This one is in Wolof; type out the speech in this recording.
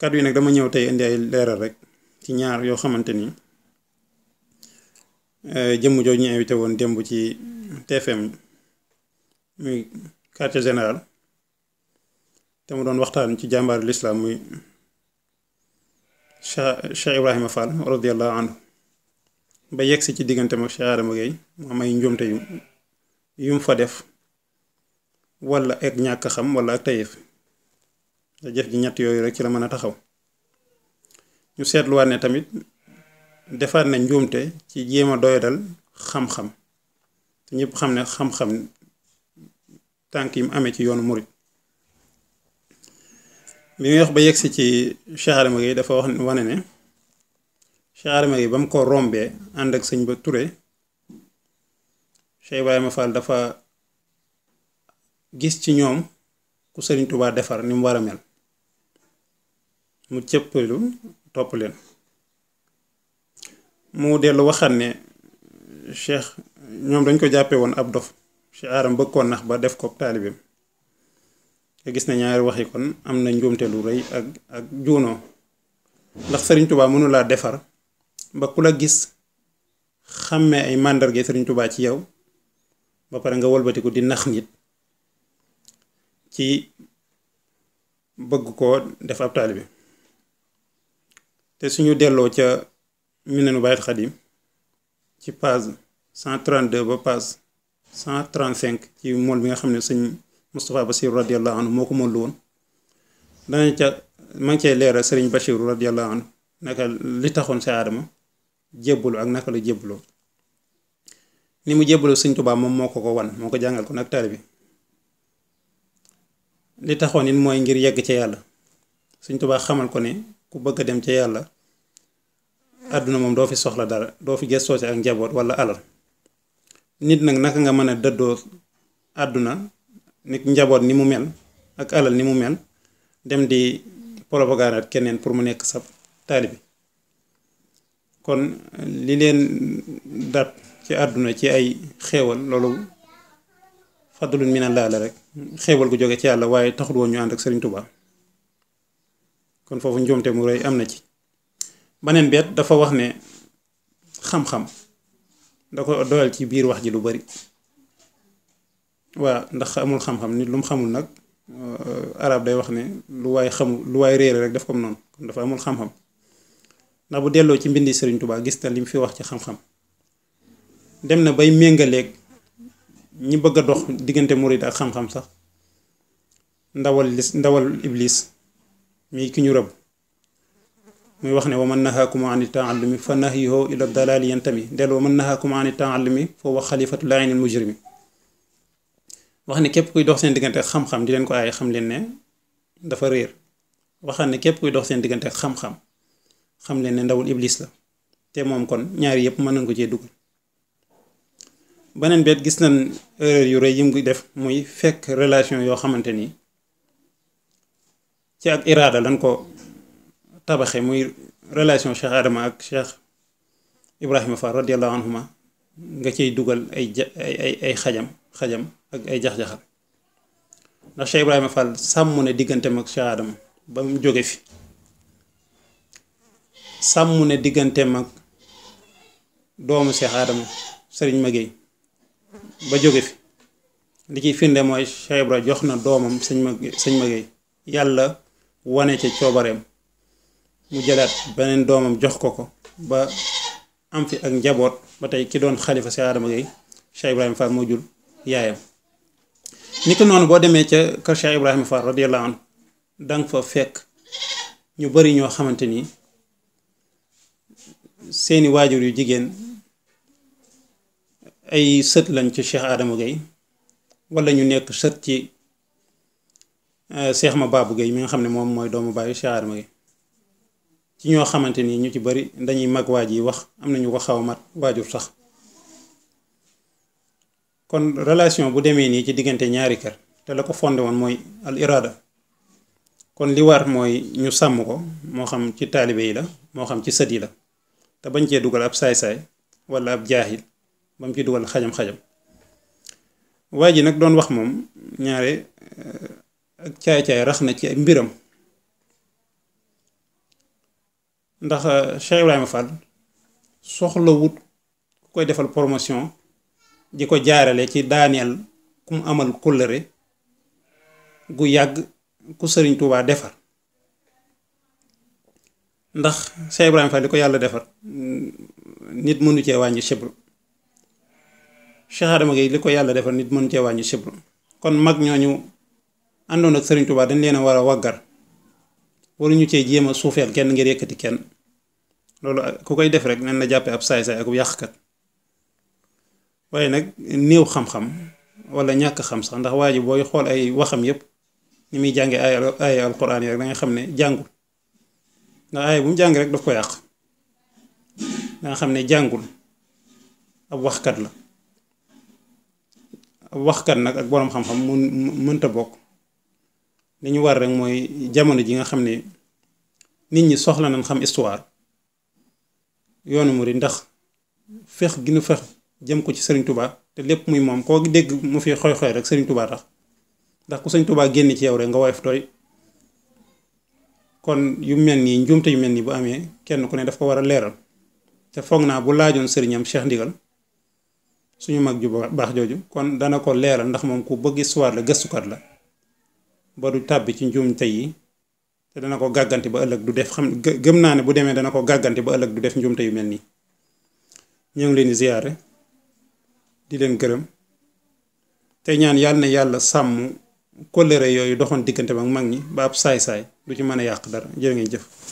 kàddu yi nag dama ñëw tey indi ay leeral rek ci ñaar yoo xamante ni eh, jëmm jooju ñu invité woon démb ci TFM muy quartier général te mu doon waxtaan ci jàmbaaru lislaam muy Cheikh Cheikh Ibrahima Fall radiallahu anhu ba yegg si ci diggante mag Cheikh Adama Gueye mu am ay njuumte yu yu fa def wala ak ñàkk xam wala ak tayef te jëf ji ñett yooyu rek ci la mën a taxaw ñu seetluwaat ne tamit defaat na njuumte ci jéem a doyadal xam-xam te ñëpp xam ne xam-xam tànk yi mu amee ci yoonu murit bi muy wax ba yegsi ci Cheikh Adama Gueye dafa wax wane ne Cheikh Adama yi ba mu ko rombee ànd ak sëñ ba Touré Cheikh Ibrahima Fall dafa gis ci ñoom ku Sëriñ Tuubaa defar ni mu war a mel mu cëppalu topp leen mu dellu waxaat ne cheikh ñoom dañ ko jàppe woon ab dof cheikh aaram bëggoon nax ba def ko taalibeem te gis na ñaari waxi kon am na njuumte lu rëy ak ak juunoo ndax sëriñ tubaa mënulaa defar ba ku la gis xàmmee ay màndarge sëriñ tubaa ci yow ba pare nga wëlbatiku di nax nit ci bëgg ko def ab taalibe te suñu delloo ca Minanu Baay Xadim ci page 132 ba cent page 135 ci mool bi nga xam ne sëñ Moustapha Bassirou radiyallahu anhu moo ko mool woon danañ ca maa ngi cay leeral sëriñ Bassirou radiyallahu anhu naka li taxoon si aadama jébbalu ak naka la jébbaloo ni mu jébbaloo sëñ Tuubaa moom moo ko ko wan moo ko jàngal ko nag taali bi li taxoon yi mooy ngir yegg ca yàlla sëñ Tuubaa xamal ko ne ku bëgg a dem ca yàlla àdduna moom doo fi soxla dara doo fi gëstoo ci ak njaboot wala alal nit nag naka nga mën a dëddoo àdduna nit njaboot ni mu mel ak alal ni mu mel dem di propagande keneen pour mu nekk sa taalibi kon li leen dat ci àdduna ci ay xéewal loolu fadlun minallah daal rek xéewal gu jóge ci yàlla waaye taxul woon ñu ànd ak Sëriñ Tuubaa kon foofu njuumte mu rëy am na ci beneen beet dafa wax ne xam-xam da ko doyal ci biir wax ji lu bari waa ndax amul xam-xam nit lu mu xamul nag euh, arab day wax ne lu waay xamul lu waay réere rek def comme noonu kon dafa amul xam-xam ndax bu delloo ci mbindi Sëriñ Tuubaa gis na li mu fi wax ci xam-xam dem na bay méngaleeg ñi bëgg a dox diggante murid ak xam-xam sax ndawal ndawal iblis mii ki ñu rëbb muy wax ne wa man nahaakum an taallumi fa nahyuhu ila dalaali yantami del wa man nahaakum an taallumi fa wa xalifatu laayni mujrimi wax ne képp kuy dox seen diggante xam-xam di leen ko aaye xam leen ne dafa réer waxaan ne képp kuy dox seen diggante xam-xam xam leen ne ndawul iblis la te moom kon ñaari yëpp mën nañ ko cee dugal beneen beet gis nañ erreur yu rëy yi mu def muy fekk relation yoo xamante ni ci ak iraada lañ ko tabaxe muy relation Cheikh Adama ak Cheikh Ibrahima Fall radiallahu anhuma nga cay dugal ay xajam xajam ak ay jax-jaxal ndax Cheikh Ibrahima Fall sàmm ne digganteem ak Cheikh Adama ba jóge fi sàmm ne digganteem ak doomu Cheikh Adama Serigne Magueye ba jóge fi li ciy firnde mooy Cheikh Ibra jox na doomam sëñ Magueye yàlla wane ca coobareem mu jëlaat beneen doomam jox ko ko ba am fi ak njaboot ba tey ki doon xalifa si Adama Gueye Cheikh Ibrahima Fall moo jur yaayam ni ko noonu boo demee ca kër Cheikh Ibrahima Fall radiyallahu anhu danga fa fekk ñu bari ñoo xamante ni seeni waajur yu jigéen ay sët lañ ci Cheikh Adama Gueye wala ñu nekk sët ci Euh, Cheikh Mababou Guèye mi nga xam ne moom mooy doomu baayu Cheikh Adama Guèye ci ñoo xamante ni ñu ci bari dañuy mag waaj yi wax am nañu ko xaw a mat waajur sax kon relation bu demee nii ci diggante ñaari kër te la ko fondé woon mooy al irada kon li war mooy ñu sàmm ko moo xam ci taalibe yi la moo xam ci sët yi la te bañ cee dugal ab saay-saay wala ab jaahil ba mu ci dugal xajam-xajam waa ji nag doon wax moom ñaare ak caay-caay rax na ci ay mbiram ndax euh, Cheikh Ibrahima Fall soxlawut ku koy defal promotion di ko jaarale ci daaneel ku mu amal kóllëre gu yàgg ku sëriñ Tuubaa defar ndax Cheikh Ibrahima Fall li ko yàlla defar mm, nit mënu cee wàññi chibru Cheikh Adama Gueye li ko yàlla defar nit mënu cee wàññi chibru kon mag ñooñu àndoon ak Serigne Touba dañ leen a war a waggar waruñu cee jéem a suufeel kenn ngir yëkkati kenn loolu ku koy def rek nañ la jàppe ab saay-saay ak yàqkat waaye nag néew xam-xam wala ñàkk xam sax ndax waa booy xool ay waxam yépp ñu muy jànge ay ay alquran yi rek da xam ne jàngul ndax ay bu mu jàng rek daf ko yàq da xam ne jàngul ab waxkat la ab waxkat nag ak boroom xam-xam mun mënta bokk li ñu war rek mooy jamono ji nga xam ne nit ñi soxla nañ xam histoire yoonu murid ndax fex gi nu fex jëm ko ci sëriñ Touba te lépp muy moom koo dégg mu fi xoy xoy rek Serigne tubaa tax ndax ku Serigne Touba génn ci yow rek nga woyof tooy kon yu mel nii njuumte yu mel nii bu amee kenn ku ne daf ko war a leeral te foog naa bu laajoon sëriñam Cheikh Ndigal suñu mag ju baax jooju kon dana ko leeral ndax moom ku bëgg histoire la gëstukat la ba du tàbbi ci njuumte yi te dana ko gàgganti ba ëllëg du def xam gëm naa ne bu demee dana ko gàgganti ba ëllëg du def njuumte yu mel nii ñoo ngi leen di ziyaare di leen gërëm tey ñaan yàlla na yàlla sàmm kóllëre yooyu doxoon diggante ba mag ñi ba ab saay-saay du ci mën a yàq dara jërë ngeen jëf